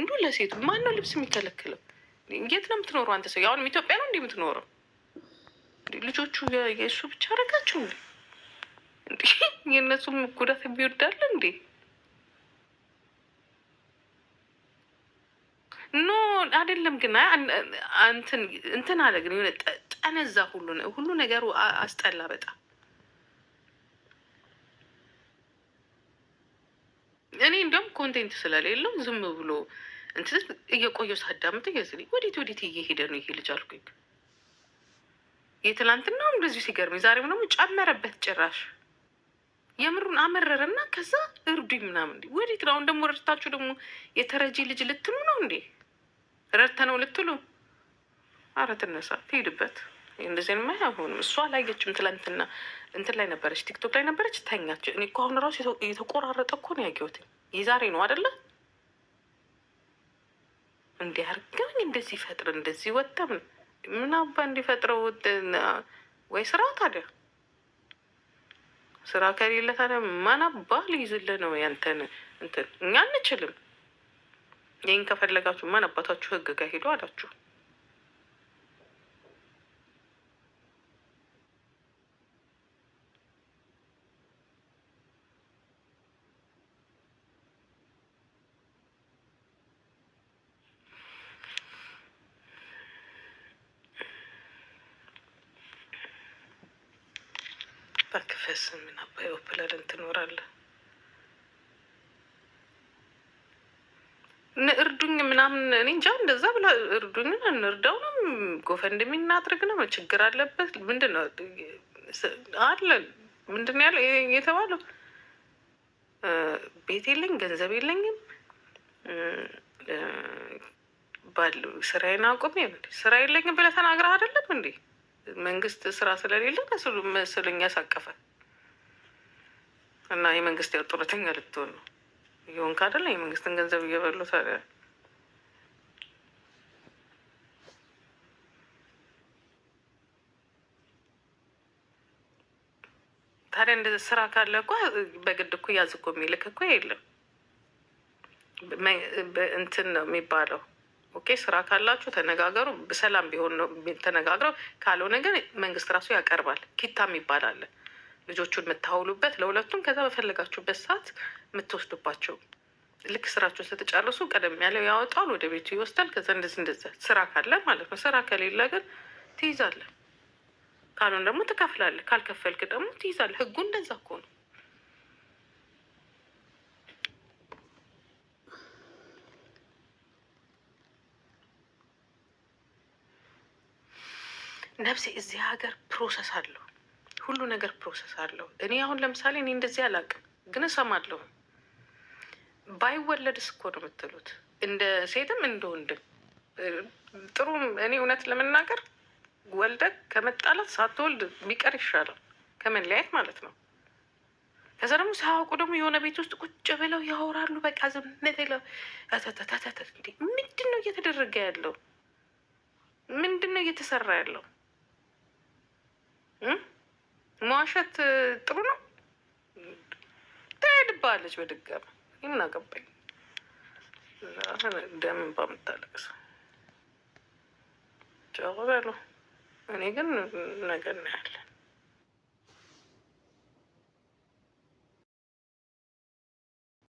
ለወንዱ ለሴቱ ማነው ልብስ የሚከለክለው? የት ነው የምትኖረው አንተ ሰው? አሁንም ኢትዮጵያ ነው እንደ የምትኖረው? ልጆቹ የእሱ ብቻ አደረጋችሁ እንዴ? የእነሱም ጉዳት የሚወዳለ እንዴ? ኖ አይደለም። ግን እንትን አለ ግን የሆነ ጠነዛ ሁሉ ሁሉ ነገሩ አስጠላ በጣም እኔ እንደውም ኮንቴንት ስለሌለው ዝም ብሎ እንትን እየቆየ ሳዳምጥ የዝኔ ወዴት ወዴት እየሄደ ነው ይሄ ልጅ አልኩኝ። የትላንትና እንደዚሁ ሲገርመኝ፣ ዛሬም ደግሞ ጨመረበት ጭራሽ የምሩን አመረረና ከዛ እርዱኝ ምናምን እንዲ ወዴት ነው አሁን ደግሞ ረድታችሁ ደግሞ የተረጂ ልጅ ልትሉ ነው እንዴ? ረድተ ነው ልትሉ አረ ትነሳ ትሄድበት እንደዚህ ማ አሁንም እሷ አላየችም። ትላንትና እንትን ላይ ነበረች፣ ቲክቶክ ላይ ነበረች፣ ተኛች። እኔ እኮ አሁን ራሱ የተቆራረጠ እኮ ነው ያየሁት። የዛሬ ነው አደለ? እንዲህ አርገን እንደዚህ ይፈጥር እንደዚህ ወተም ምን አባ እንዲፈጥረው ወይ ስራ ታዲያ ስራ ከሌለ ታዲያ ማናባ አባ ነው ያንተን እንትን? እኛ አንችልም። ይህን ከፈለጋችሁ ማን አባታችሁ ህግ ጋር ሄዱ አላችሁ። ባክፈስ ምን አባይ ኦፕላለን ትኖራለህ? እርዱኝ ምናምን እኔ እንጃ እንደዛ ብላ እርዱኝን እንርዳው ነው ጎፈንድሚ እናድርግ ነው ችግር አለበት ምንድን ነው ምንድን ያለ የተባለው ቤት የለኝ ገንዘብ የለኝም ባሉ ስራዬን አቁሜ ስራ የለኝም ብለህ ተናግረህ አይደለም እንዴ መንግስት ስራ ስለሌለ ስሉ መስሉኝ ያሳቀፈ እና የመንግስት ያው ጡረተኛ ልትሆን ነው ይሆን ካደለ የመንግስትን ገንዘብ እየበሉ ታዲያ ታዲያ እንደ ስራ ካለ እኮ በግድ እኮ ያዝ እኮ የሚልክ እኮ የለም። እንትን ነው የሚባለው ኦኬ ስራ ካላችሁ ተነጋገሩ። በሰላም ቢሆን ነው ተነጋግረው፣ ካልሆነ ግን መንግስት ራሱ ያቀርባል። ኪታም ይባላል ልጆቹን የምታውሉበት ለሁለቱም፣ ከዛ በፈለጋችሁበት ሰዓት የምትወስዱባቸው። ልክ ስራችሁን ስትጨርሱ ቀደም ያለው ያወጣል፣ ወደ ቤቱ ይወስዳል። ከዛ እንደዚህ እንደዚያ ስራ ካለ ማለት ነው። ስራ ከሌለ ግን ትይዛለህ፣ ካልሆነ ደግሞ ትከፍላለህ። ካልከፈልክ ደግሞ ትይዛለህ። ህጉ እንደዛ እኮ ነው። ነፍሴ እዚህ ሀገር ፕሮሰስ አለው፣ ሁሉ ነገር ፕሮሰስ አለው። እኔ አሁን ለምሳሌ እኔ እንደዚህ አላውቅም፣ ግን እሰማለሁ። ባይወለድስ እኮ ነው የምትሉት፣ እንደ ሴትም እንደ ወንድም ጥሩ። እኔ እውነት ለመናገር ወልደ ከመጣላት ሳትወልድ ቢቀር ይሻላል፣ ከመለያየት ማለት ነው። ከዛ ደግሞ ሳያውቁ ደግሞ የሆነ ቤት ውስጥ ቁጭ ብለው ያወራሉ። በቃ ዝም ብለው ምንድን ነው እየተደረገ ያለው? ምንድን ነው እየተሰራ ያለው? ማሸት ጥሩ ነው። ትሄድብሃለች በድጋሚ ምን አገባኝ። ደምን በምታለቅሰው በሉ። እኔ ግን ነገ እናያለን።